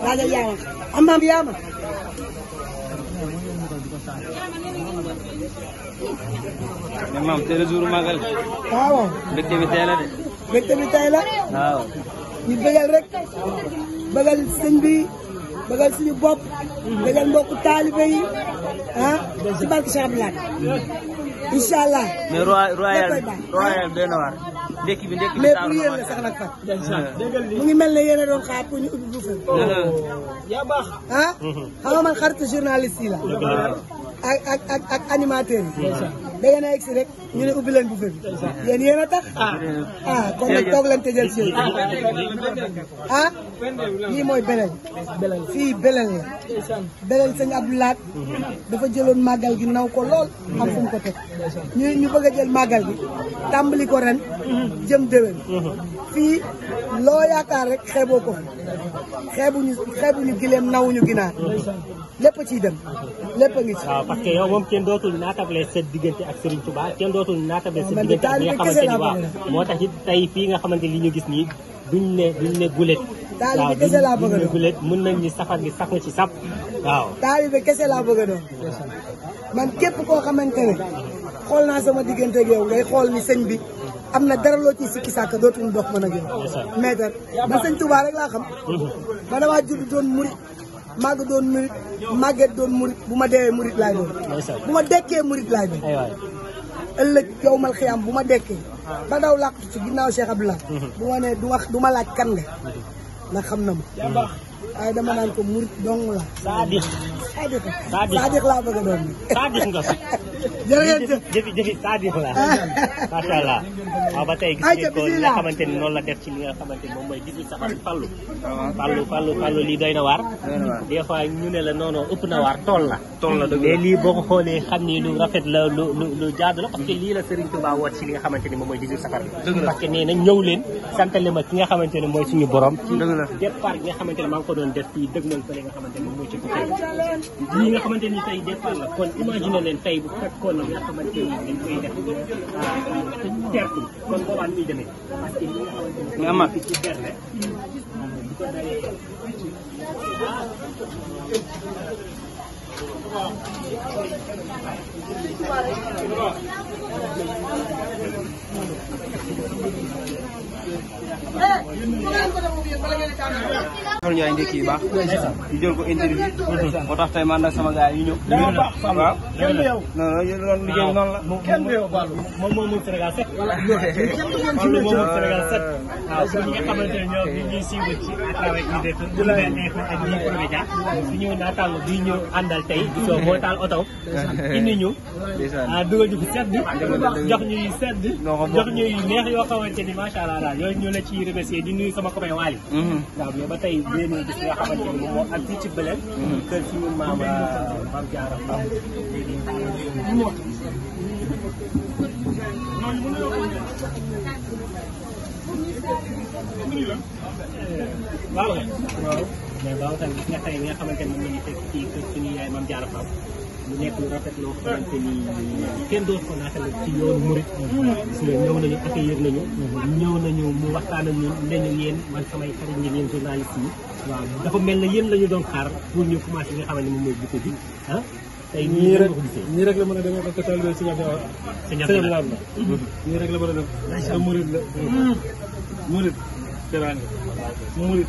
Baada ya ama vyama ne maam teel a jour magal. waaw mbégte bi teel a de. mbégte bi teel a. waaw. ñu bëggal rek bëggal sëñ bi. bëggal suñu bopp. bëggal mbokku taalibe yi ah ci barke Cheikh Abdoulaye. incha allah. mais royal royal doy bi ndekki bi mais la sax nag fat mu ngi mel ne yéen a doon xaar pour ñu ah, man xaritu journaliste yi ak ak ak ak animateur yi. ñu ne ubbi bu fekkee. yéen yéen a tax. ah, ah kon nag toog leen te si ah, ah lii mooy belel. fii belel la. belel sëñ Abdou Lahat dafa jëloon màggal gi naw ko lool. am fu ko teg ñu ñu bëgg jël màggal gi tàmbali ko ren. Mm-hmm. jëm déwén. Mm-hmm. fii loo yaakaar rek xeeboo ko fi xeebuñu ñu gileem nawuñu ginaar lépp ciy dem lépp a ngi ci. waaw ah, parce que yow moom kenn naa naatable set diggante ak Serigne Touba kenn dootul naatable sa diggante ak ñi nga moo tax it tey fii nga xamante li ñu gis nii duñ ne duñ ne gulet. taalibe kese laa bëgg a doon waaw duñ mën nañ ni safar gi sax ci sap waaw. taalibe kese laa bëgg a doon man képp koo xamante ne xool naa sama diggante ak yow ngay xool ni sëñ bi. am na dara loo ciy sikki sàkk dootuñu dox mën a jël maître man sëñ Touba rek laa xam man mhm. damaa judd doon murit màgg doon murit màgget doon murit bu ma deewee murit laay doon bu ma dekkee murit laay doon ëllëg yow mal xiyaam bu ma dekkee ba daw làqtu ci ginnaaw Cheikh Abdoulaye mhm. bu ma nee du wax du ma laaj kan nga mhm. ndax xam na ma waaye dama naan ko murit dong la saadix laa bëgg a doon saadix jërëjëf jëfi jëfi Sadio la macha allah waaw ba tey gis ngeen ko li nga xamante ni noonu la def ci li nga xamante ni moom mooy gis nga safar fallu fallu fallu fallu lii doy na waar des fois ñu ne la non non ëpp na tool la tool la mais boo ko xoolee xam ni la lu lu lu jaadu la parce que lii la Serigne Touba woot ci li nga xamante ni moom mooy gis safar bi parce que leen santale ma ki nga xamante ne mooy suñu borom ci départ bi nga xamante ne maa ngi ko doon def fii dëgg nañ ko li nga xamante ne moom mooy ci ko xamante ni tey départ leen tey bu fekkoon na nga xamante ni dañ koy ah, ah, nga xamante ni ci terle Fall Ndiaye ndékki yu baax ñu jël ko interview moo tax tey man nag sama gars yi ñu ñëw waaw non non di ñëw naataango di ñu àndal tey di soo moo taal oto indi ñu ah, dugal ñu sedd ah, jox ñuy sedd neex yoo xamante ni macha allah daal yooyu ñu la ciy remercier di nuyu sama copain Waly mm-hmm. waaw ba benn bis nga xamante ni moom ak fii ci Belel. kër suñu maam euh, Mame Diarra Fam léegi waaw mais waaw tamit gis nga yi nga xamante ni moom la ñu fekk mu nekk lu rafet loo xamante ni kenn dootu ko naatale ci yoonu murit gis nga ñëw nañu accueillir nañu ñëw nañu mu waxtaan ak ñun ne ñu yéen man samay xarit ngeen yéen journaliste yi waaw dafa mel ne yéen la doon xaar pour ñu commencé nga xam ne moom mooy jikko bi ah tey ñii rek la mën a a dem murit mm-hmm. murit teraanga murit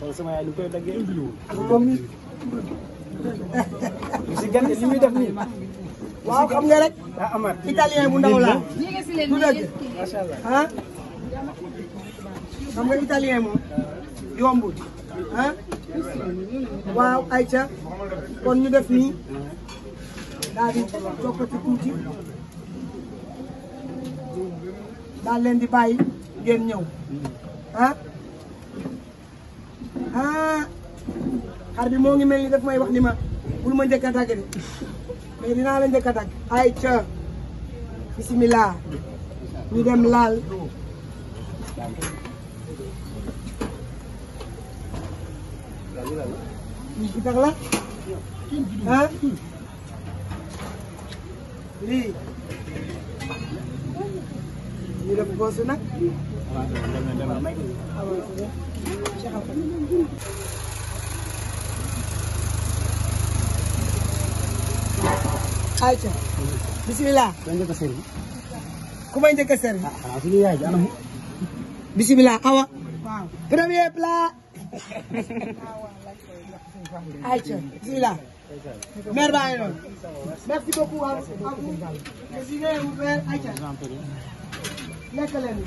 loolu sama yaay lu koy daggee. comme ni lu si gën li muy def nii. waaw xam nga rek. daa amaat italien bu ndaw waaw Aïcha kon ñu def nii daal di jokkati tuuti daal leen di bàyyi ngeen ñëw ah. ah xar bi moo ngi mel ni daf may wax ni ma bul ma njëkk a tàgg de mais dinaa la njëkk a tàgg ay ca bisimilah ñu dem laal i tax la ah lii ñu def goosu nag ayca bisimilah. ku a servi. ku may njëkk a premier plat. ayca bisimilah. mère baa noonu. merci beaucoup à vous. merci beaucoup. ayca lekk leen.